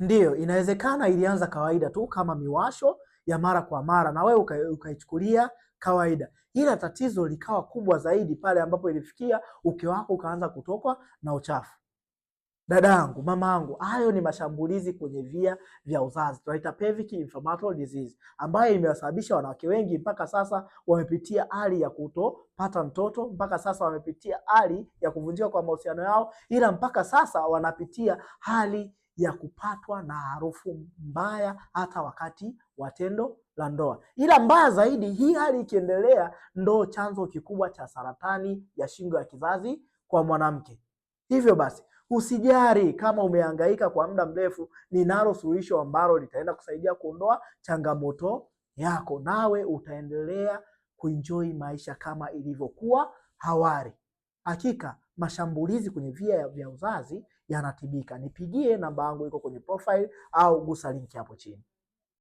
Ndiyo, inawezekana ilianza kawaida tu kama miwasho ya mara kwa mara na wewe ukaichukulia kawaida, ila tatizo likawa kubwa zaidi pale ambapo ilifikia uke wako ukaanza kutokwa na uchafu. Dadangu, mamaangu, hayo ni mashambulizi kwenye via vya uzazi, tunaita pelvic inflammatory disease, ambayo imewasababisha wanawake wengi mpaka sasa wamepitia hali ya kutopata mtoto, mpaka sasa wamepitia hali ya kuvunjika kwa mahusiano yao, ila mpaka sasa wanapitia hali ya kupatwa na harufu mbaya hata wakati wa tendo la ndoa. Ila mbaya zaidi, hii hali ikiendelea, ndo chanzo kikubwa cha saratani ya shingo ya kizazi kwa mwanamke. Hivyo basi usijari kama umehangaika kwa muda mrefu, ninalo suluhisho ambalo litaenda kusaidia kuondoa changamoto yako, nawe utaendelea kuenjoy maisha kama ilivyokuwa hawari. Hakika mashambulizi kwenye via vya uzazi yanatibika. Nipigie namba yangu iko kwenye profile au gusa linki hapo chini.